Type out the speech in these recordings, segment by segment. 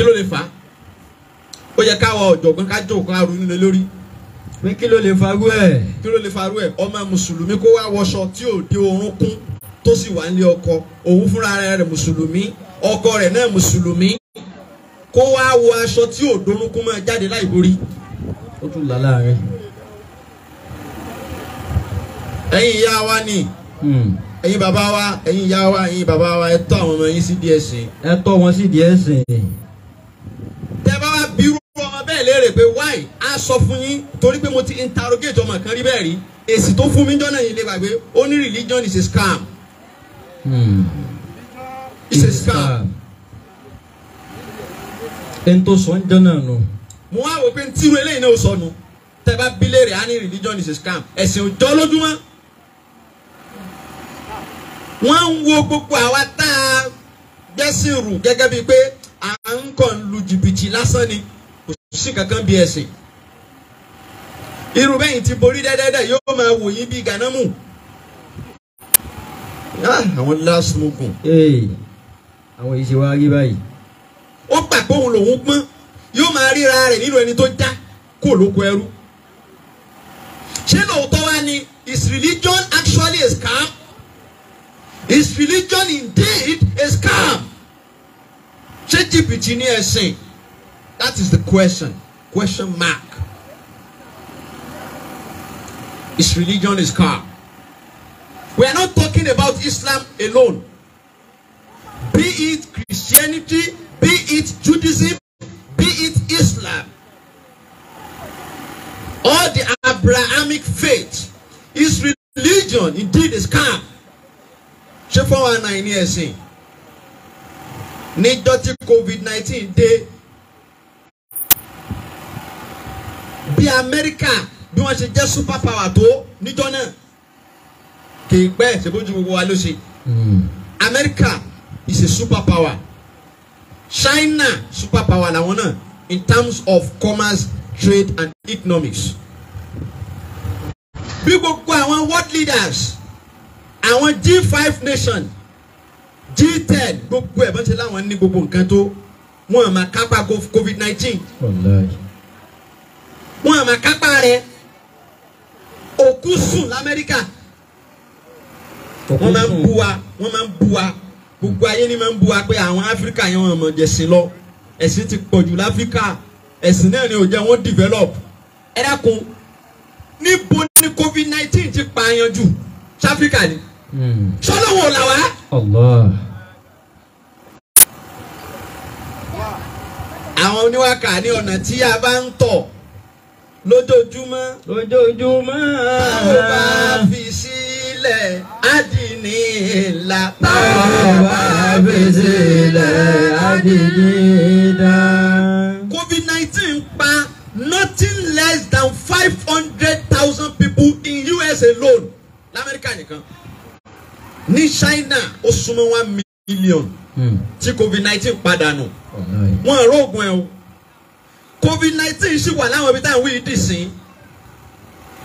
kí ló lè fà á ó yẹ káwọn ọ̀jọ̀gbọ́n ká jókòó ká ronú lé lórí. pé kí ló lè farú ẹ̀. kí ló lè farú ẹ̀ ọmọ mùsùlùmí kó wá wọṣọ tí ò dé orúnkún tó sì wà nílé ọkọ òun fúnra rẹ̀ mùsùlùmí ọkọ rẹ̀ náà mùsùlùmí kó wá wọ aṣọ tí ò dorúnkún máa jáde láì borí. ó tún là láàrin. ẹ̀yin ìyá wa ni. Hmm ẹ̀yin bàbá wa ẹ̀yin ìyá wa ẹ̀yin bàbá wa ẹ tọ́ àwọn ọmọ yín sí díẹ̀ sìn. ẹ tọ́ wọn sí díẹ̀ sìn léèrè pé why a sọ fún yín torí pé mo ti interrogate ọmọ kan rí bẹ́ẹ̀ rí èsì tó fún mi jọ́nà yìí lè gbàgbé ó ní religion is a scam. Hmm. it's a scam. ẹni tó sọ ń jọ́nà nù. mo wá wò pé ntírú eléyìí náà sọnù tẹ bá bí léèrè á ní religion is a scam ẹ̀sìn ò jọ lójúmọ́ wọ́n ń wo gbogbo àwa tá a gbẹ́sìn rù gẹ́gẹ́ bíi pé à ń kàn lu jìbìtì lásán ni sí kankan bí ẹ̀sìn irú bẹ́yìn ti borí dẹ́dẹ́dẹ́ yóò máa wò yín bí ganamu ah, àwọn lásìmùkùn. àwọn yìí ṣe wá rí báyìí. ó pàpọ̀ òun lòun pọ́n yóò máa ríra rẹ̀ nínú ẹni tó já kó lóko ẹrú. ṣé lóòótọ́ wá ni is religion actually a scam? is religion indeed a scam? ṣé jìbìtì ni ẹ̀sìn? That is the question. Question mark. Is religion is calm. We are not talking about Islam alone. Be it Christianity, be it Judaism, be it Islam. All the Abrahamic faith. is religion indeed is calm. Ṣé fún wa náà ní ẹ̀sìn? COVID-19 day. bí amẹ́ríkà bí wọ́n ṣe jẹ́ super power tó níjọ́ náà kì í pẹ́ ṣèbójú gbogbo wa ló ṣe hmm. amẹ́ríkà is a super power china super power làwọn náà in terms of commerce trade and economics bí gbogbo àwọn world leaders àwọn g five nation G10 gbogbo ẹ̀ bọ́n ṣe láwọn ní gbogbo nǹkan tó wọ́n máa kápá COVID-19. Oh, nice wọn àmà kápá rẹ̀ òkú sùn l'Amẹ́ríkà wọ́n máa ń bu wa wọ́n máa ń bu wa gbogbo ayé ni máa ń bu wa pé àwọn Áfíríkà yẹn wọ́n mọ̀ lọ ẹ̀sìn ti pọ̀ jù l'Áfíríkà ẹ̀sìn náà ni ò jẹ́ wọ́n develop ẹ níbo ni covid nineteen ti pààyàn jù sáfíríkà ni sọlọ́wọ́ hmm. là wá. àwọn oníwàkà ní ọ̀nà tí a bá ń tọ̀ lójoojúmọ́. lójoojúmọ́. tó bá fi sílẹ̀ àdìní ńlá. tó bá fi sílẹ̀ àdìní ńlá. covid nineteen pa nothing less than five hundred thousand people in US alone lamẹ́ríkà nìkan ní China ó súnmọ́ one million Hmm. tí covid nineteen padà nù wọ́n rògùn ẹ̀ o covid nineteen ṣì wà láwọn ibi táwọn yìí dì sí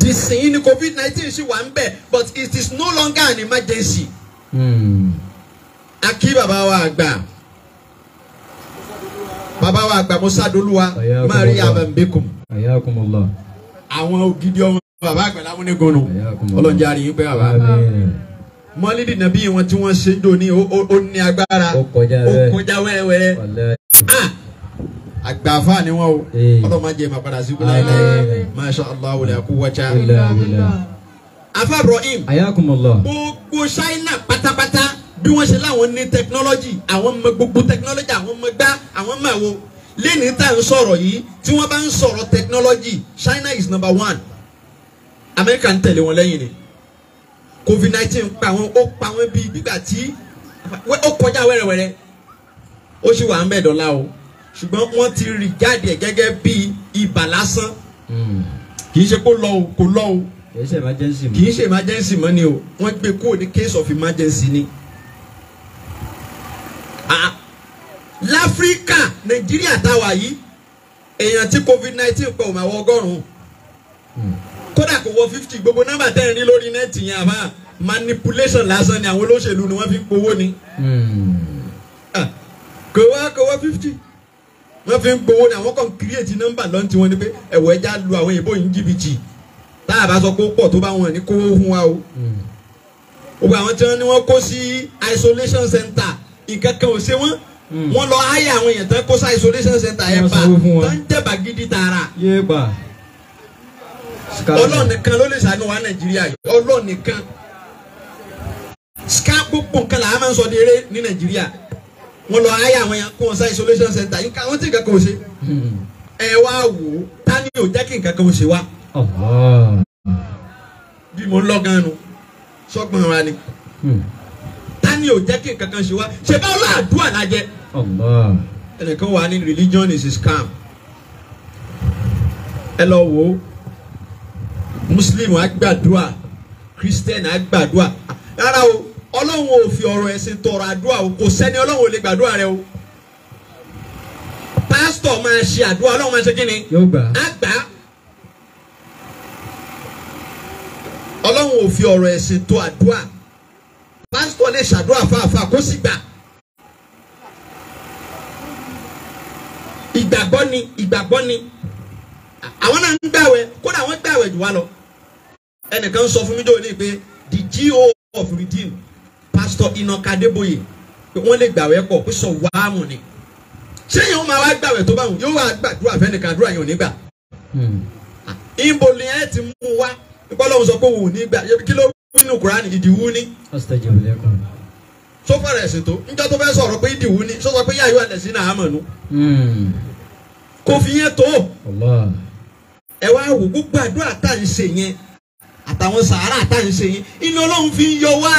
dì sí ni covid nineteen ṣì wà ń bẹ̀ but it is no longer an emergency. Mm. akí bàbá wa àgbà bàbá wa àgbà musa dolúwa mari abambekum àwọn ògidì ọmọ bàbá àgbà lámúnigunu ọlọ́njẹ́ àríyìn pé bàbá mọ́lídì nàbí wọn tí wọ́n ṣe ń dò ní ó ní agbára ó kọjá wẹ́rẹ́wẹ́rẹ́ àgbàfà ni wọn o ọlọ́run máa jẹ ìmọ̀ padà sí ibùdó ilẹ̀ masha allah wòlé àkúwọ́chá. afa ibrahim gbogbo ṣáínà pátápátá bí wọ́n ṣe láwọn ní tẹkinọ́lọ́jì àwọn mọ gbogbo tẹkinọ́lọ́jì àwọn mọ gbá àwọn mọ àwo lẹ́ni tá à ń sọ̀rọ̀ yìí tí wọ́n bá ń sọ̀rọ̀ tẹkinọ́lọ́jì China is number one America ń tẹ̀lé wọn lẹ́yìn ni covid nineteen pa wọn ó pa wọn bíi gbígbà tí ó kọjá wẹ́rẹ́wẹ́rẹ́ ó sì wà ń bẹ̀ dọ́là o ṣùgbọ́n wọ́n ti rì jáde gẹ́gẹ́ bí ibà lásán hmm. kì í ṣe kó lọ o kò lọ o kì í ṣe emergency mọ́ emergency mọ́ ni o wọ́n gbé kúrò ní case of emergency ni. láfíríkà nàìjíríà táwa yìí èèyàn tí covid nineteen pẹ̀ ò máa wọ ọgọ́rùn-ún hmm. kódà kò wọ fifty gbogbo nọ́mbà tẹ́ ẹ̀ ń rí lórí nẹ́ẹ̀tì yẹn àbá manipulation lásán ni àwọn olóṣèlú ni wọ́n fi ń powó ni. Hmm. kò wá kò wọ fifty wọ́n fi ń gbowó ni àwọn kan kírètì nọ́mbà lọ́n ti wọn ni pé ẹ̀wọ̀ ẹja lu àwọn èèbó yìí jìbìtì tá a bá sọ pé ó pọ̀ tó bá wọn ní kówó fún wa o. gbogbo àwọn tí wọ́n ní wọ́n kó sí isolation center nǹkan kan ò ṣe wọ́n hmm. wọ́n lọ háyà àwọn èèyàn tán kó sí isolation center yẹn bá tán jẹ̀bà gidi tààrà. ọlọ́ọ̀nì ló lè ṣàánú wa nàìjíríà yìí ọlọ́ọ̀nì ska gbogbo nǹkan làá máa ń sọ wọ́n lọ ayé àwọn yẹn kó wọn sá isolation center yìí káwọn tí nǹkan kan ò ṣe hmm. ẹ wá wò ó tani ò jẹ́ kí nǹkan kan ò ṣe wá. bí mo ń lọ gan nu sọ́gbọ́n wa ni hmm. tani ò jẹ́ kí nǹkan kan ṣe wá ṣe bá ọlọ́ àdúrà lájẹ. ẹnìkan wà ní religion is a scam ẹ lọ wò ó muslim á gbàdúrà christian á gbàdúrà rárá o ọlọ́run ò fi ọ̀rọ̀ ẹ̀sìn tọrọ àdúrà o kò sẹ́ni ọlọ́run ò lè gbàdúrà rẹ o pásítọ̀ máa ṣe àdúrà ọlọ́run máa ṣe kí ni àgbà ọlọ́run ò fi ọ̀rọ̀ ẹ̀sìn tó àdúrà pásítọ̀ lè ṣàdúrà fáfáà kó sì gbà. ìgbàgbọ́ ni ìgbàgbọ́ ni àwọn náà ń gbàwẹ̀ kódà wọ́n gbàwẹ̀ jù wá lọ ẹnìkan sọ fún mi jòwé ní pé the GO of redeem pásítọ̀ Enoch Adébóyè pé wọ́n lè gbàwẹ̀ pọ̀ pé sọ wàámù ni ṣé yẹn wọ́n máa wá gbàwẹ̀ tó bá wọn yóò wá gbàdúrà fẹ́nìkan àdúrà yẹn ò ní gbà. ìbò hmm. ah, ni ẹ ti mú wa ìpọ́lọ́hún sọ pé òun ò ní gbà kí ló nínú Kùránì ìdìwú ni. tó fara ẹ̀sìn tó níjọ́ tó fẹ́ sọ̀rọ̀ pé ìdìwú ni sọ́sọ́ pé yáyọ alẹ́ sí náà mọ̀nú. Hmm. kò fi yẹn tó ẹ wá wò gbogbo àdúrà tá à ń ṣe yẹn àtàwọn sàárà tá à ń ṣe yẹn inú Ọlọ́run fi ń yọ wá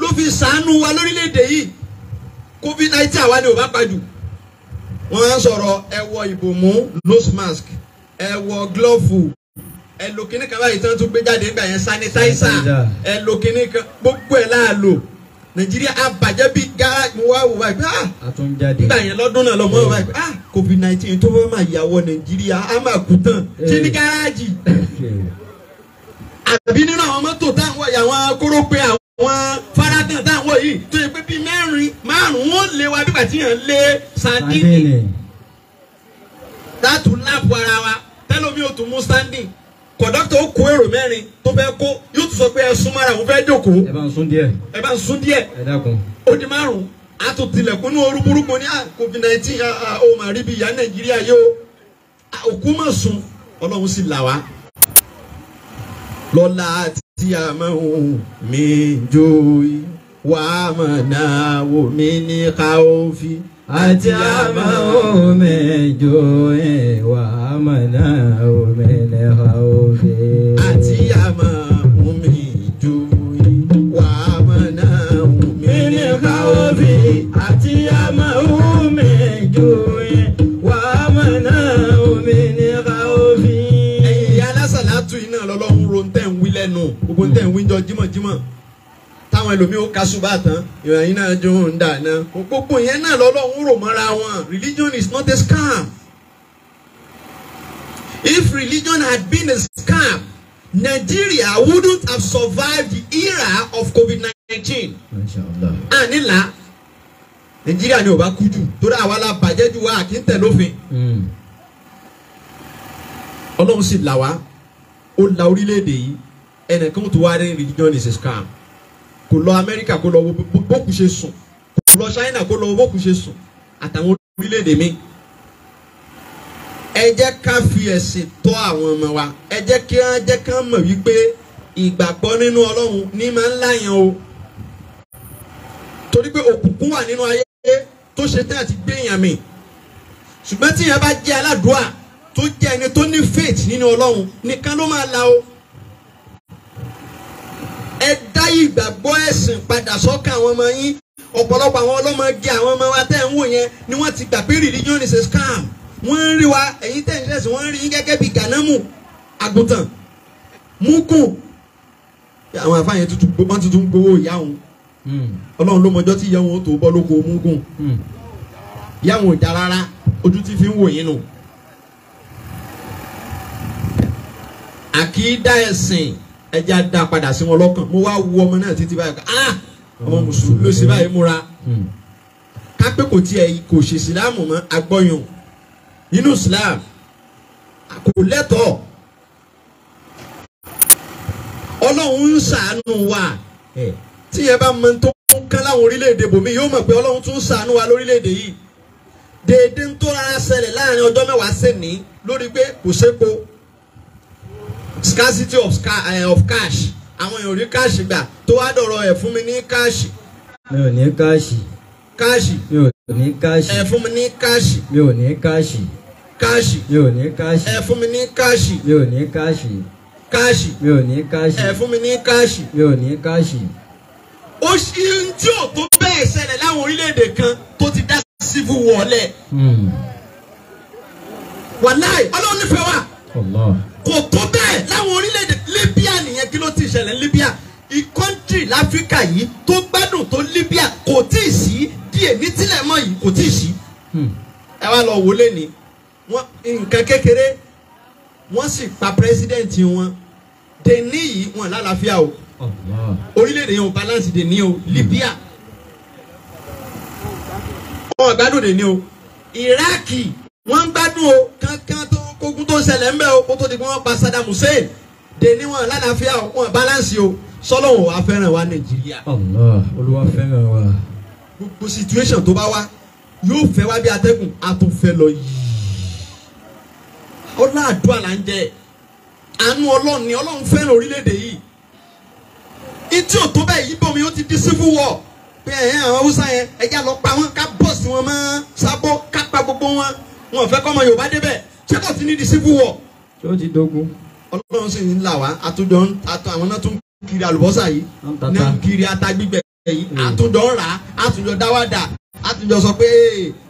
ló fi ṣàánú wa lórílẹ̀‐èdè yìí covid nineteen àwa ni ò bá pàjù wọ́n á sọ̀rọ̀ ẹ wọ ìbòmú nose mask ẹ wọ glọ́ọ̀fù ẹ lo kinní kan báyìí tí wọ́n tún gbé jáde nígbà yẹn sanitaisa ẹ lo kinní kan gbogbo ẹ̀ láàlò nàìjíríà àbàjẹ́ bíi gara mo wá wò wáyé ah nígbà yẹn lọ́dún náà lọ́mọ wò wáyé ah covid nineteen tó fẹ́ máa yàwọ̀ nàìjíríà á máa kú tán eh. ṣé ní gáràjì àbí nínú àwọn mọ́tò táwọn àwọn pé àwọn àwọn faradàn táwọn yìí tó yẹ pé bíi mẹ́rin márùn ó lé wa bígbà tí yàn lé sandini dátù láàbù ara wa tẹ́lómi ò tún mú sandini kọ̀dọ́tọ̀ ó kó èrò mẹ́rin tó fẹ́ kó yóò tún sọ pé ẹ sún mọ́ra òun fẹ́ jókòó ẹ bá ń sún díẹ̀ ẹ bá ń sún díẹ̀ ẹ dákun ó di márùn-ún ní orú burúkú ní ah, covid nineteen ah, ah, ó mà rí bí ìyá nàìjíríà yóò òkú mọ̀ sùn ọlọ́run sì là wá lọ́la àti. سيمه من جوع وامناه من خوف أتيمه من جوع وامناه من خوف أتيمه kásùbà ìròyìn náà dùn dáná gbogbo yẹn náà lọ́lọ́run rò mọ́ra wọn religion is not a scam if religion had been a scam Nigeria wouldn't have survived the era of COVID-19 ànílà Nigeria ni ò bá kú jù torí àwa la bàjẹ́ jù wá kì í tẹ̀ lófin hmm. ọlọ́run sì là wá ó la orílẹ̀-èdè yìí ẹnìkan tó wá rí religion is a scam kò lọ amẹ́ríkà kò lọ wo bókù ṣe sùn kò lọ ṣáínà kò lọ wo bókù ṣe sùn àtàwọn orílẹ̀-èdè mi. ẹ jẹ́ ká fi ẹ̀sìn tọ́ àwọn ọmọ wa ẹ jẹ́ kí wọ́n jẹ́ ká mọ̀ wípé ìgbàgbọ́ nínú ọlọ́run ní máa ń láyàn o torí pé òkùnkùn wà nínú ayé tó ṣe tán àti gbé èèyàn mi ṣùgbọ́n tí èèyàn bá jẹ́ aládùúà tó jẹ́ ẹni tó ní faith nínú ọlọ́run nìkan ló máa la o ẹ dá ìgbàgbọ́ ẹ̀sìn padà sọ́kàn àwọn ọmọ yín ọ̀pọ̀lọpọ̀ àwọn ọlọ́mọge àwọn ọmọ wa tẹ́ ń wò yẹn ni wọ́n ti gbà pé religion is a scam wọ́n ń rí wa ẹ̀yin tẹ̀ ń ṣẹ̀sìn wọ́n ń rí yín gẹ́gẹ́ bí gànámù àgùntàn múkù àwọn àfáàyàn tuntun wọ́n tuntun ń gbowó ìyá wọn hmm. ọlọ́run ló mọjọ́ tí ìyá wọn tó bọ́ lóko múgùn hmm. ìyá wọn ò dá rárá ojú tí fi ń wò yín nù àkìdá ẹ̀sìn ẹja dá padà sí wọn lọ́kàn mo wá wo ọmọ náà títí báyìí ah ọmọ mùsùlùmí ló ṣe báyìí múra hmm. kápẹ́ kò tiẹ̀ kò ṣe ìsìláàmù mọ́ agbọ́yàn nínú islam kò lẹ́tọ̀ọ́ ọlọ́run ń ṣàánú wa tí ẹ bá mọ tó ń kán láwọn orílẹ̀-èdè bòmí yóò mọ̀ pé ọlọ́run tún ṣàánú wa lórílẹ̀-èdè yìí dèédé ń tó rárá ṣẹlẹ̀ láàrin ọjọ́ mẹ́wàá sẹ́ni lórí pé kò sépo scarcity of, uh, of cash àwọn èèyàn rí káàṣì gbà tó wá dọ̀rọ̀ ẹ̀ fún mi ní káàṣì. mi ò ní káàṣì. káàṣì. mi ò ní káàṣì. ẹ fún mi ní káàṣì. mi ò ní káàṣì. káàṣì. mi ò ní káàṣì. ẹ fún mi ní káàṣì. mi ò ní káàṣì. káàṣì. mi ò ní káàṣì. ẹ fún mi ní káàṣì. mi ò ní káàṣì. ó ṣe ń tí ò tó bẹ́ẹ̀ ṣẹlẹ̀ láwọn orílẹ̀-èdè kan tó ti dá civil war lẹ̀. wàláì ọlọ́run nífẹ̀ẹ́ wa. kò tó láfíríkà yìí tó gbádùn tó Libya kò tí ì sí di èmi tílẹ̀ mọ́ yìí kò tí ì sí. Hmm. ẹ wá lọ wò lé nǹkan kékeré wọ́n sì pa pírẹ́sídẹ̀ǹtì wọn dèní yìí wọn lálàáfíà o orílẹ̀-èdè yẹn ò balance dèní o Libya wọn ò gbádùn dèní o Iraki wọ́n ń gbádùn o kankan tó kókun tó ṣẹlẹ̀ ń o kó tó di pé wọ́n pa Saddam Hussein dèní wọn lálàáfíà o wọn balance o sọlọ́wọ́ wa fẹ́ràn wa nàìjíríà. Allah fẹ́ràn wa. gbogbo situation tó bá wá yóò fẹ́ wá bí atẹ́gùn a lọ yìí. ọlá là ń jẹ àánú ọlọ́run ni ọlọ́run fẹ́ràn orílẹ̀-èdè yìí. etí ò tó bẹ́ẹ̀ yìí bọ̀ mi ó ti di civil war pé ẹ̀yìn àwọn haúsá yẹn ẹ̀yà lọ pa wọn ká bọ́ọ̀sì wọn mọ́ sábó ká pa gbogbo wọn wọn ò fẹ́ kọ́ ọmọ yorùbá débẹ̀ ṣé kò ti ní di civil war. tí ó ti dogun. ọlọ́run sì ń là wá àtúndọ̀ àtọ̀ àwọn náà tún kiri àlùbọ́sà yìí náà kiri ata gbígbẹ yìí àtúnjọ mm. rà àtúnjọ dáwàdà sọ pé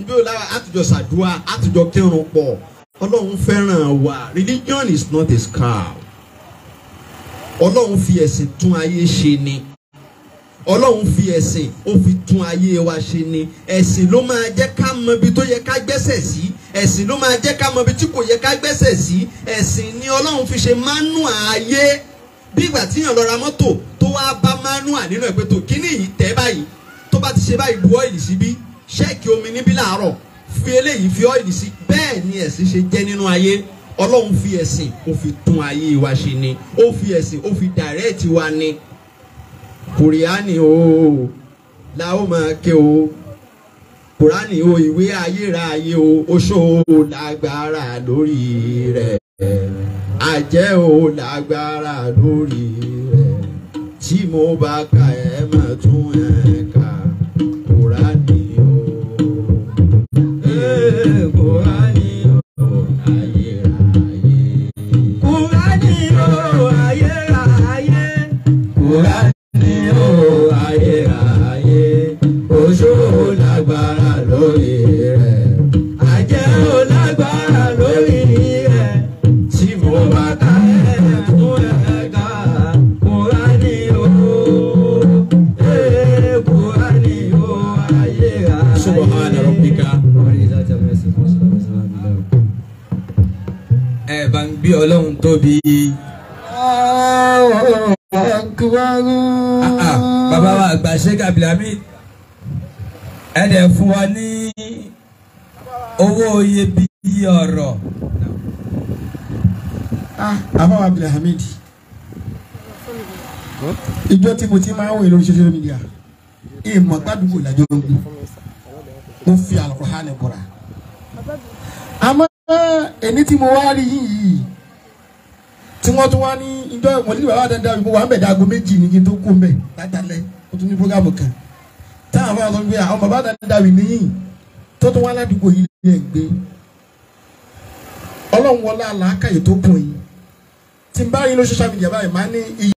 nbí o lára àtúnjọ ṣàdúrà àtúnjọ kírun pọ̀ ọlọ́run wa religion is not a scam ọlọ́run fi ẹ̀sìn tún ayé ṣe ni ọlọ́run fi ẹ̀sìn ó fi tún ayé wa ṣe ni ẹ̀sìn ló máa jẹ́ ká mọ ibi tó yẹ ká gbẹ́sẹ̀ sí ẹ̀sìn ló máa jẹ́ ká mọ ibi tí kò yẹ ká gbẹ́sẹ̀ sí ẹ̀sìn ni ọlọ́run fi ṣe mánú ayé bí ìgbà tí yàn lọ ra mọ́tò tó wá bá manual nínú ẹ̀ pé tó kíní yìí tẹ̀ báyìí tó bá ti ṣe báyìí bu ọ́ìlì sí ṣẹ́ẹ̀kì omi níbí làárọ̀ fi eléyìí fi ọ́ìlì sí bẹ́ẹ̀ ni ẹ̀sìn ṣe jẹ́ nínú ayé ọlọ́run fi ẹ̀sìn ó fi tún ayé wa ṣe ni ó fi ẹ̀sìn ó fi direct wa ni kùrìánì o la ó máa ké o kùránì o ìwé ayérayé o oṣó o lágbára lórí rẹ̀ àjẹ́ ò lágbára lórí rẹ̀ tí mo bá ka ẹ̀ máa tún ẹ̀ kà Kùránì o. Kùránì o ayérayé. Kùránì o ayérayé. ẹ bá ń gbé ọlọ́run tóbi. Ah, ah, bàbá wa àgbà Sheikh Abdulhamid ẹ dẹ̀ fún wa ní owó iyebíyé ọ̀rọ̀. Ah, bàbá wa Abdulhamid ìjọ tí mo ti máa ń wò lórí social media ìmọ̀ gbàdúgbò làjọ ń gbé mo fi àlùkò hánì bọ̀ra ẹni tí mo wá rí yìí tí wọ́n tún wá ní ìjọ ìmọ̀lẹ́ bàbá dandan ìbò wà ń bẹ̀ dàgọ́ méjì nìyí tó kó mbẹ̀ látàlẹ́ o tún ní programu kan táwọn afọ àwọn ọmọ àwọn bàbá dandan ìbò nìyí tó tún wá ládùúgbò yìí ní ẹgbẹ́ ọlọ́run wọlé àlàákàyè tó kùn yìí tí n bá rí lóṣooṣà mi jẹ́ báyìí máa ní iye.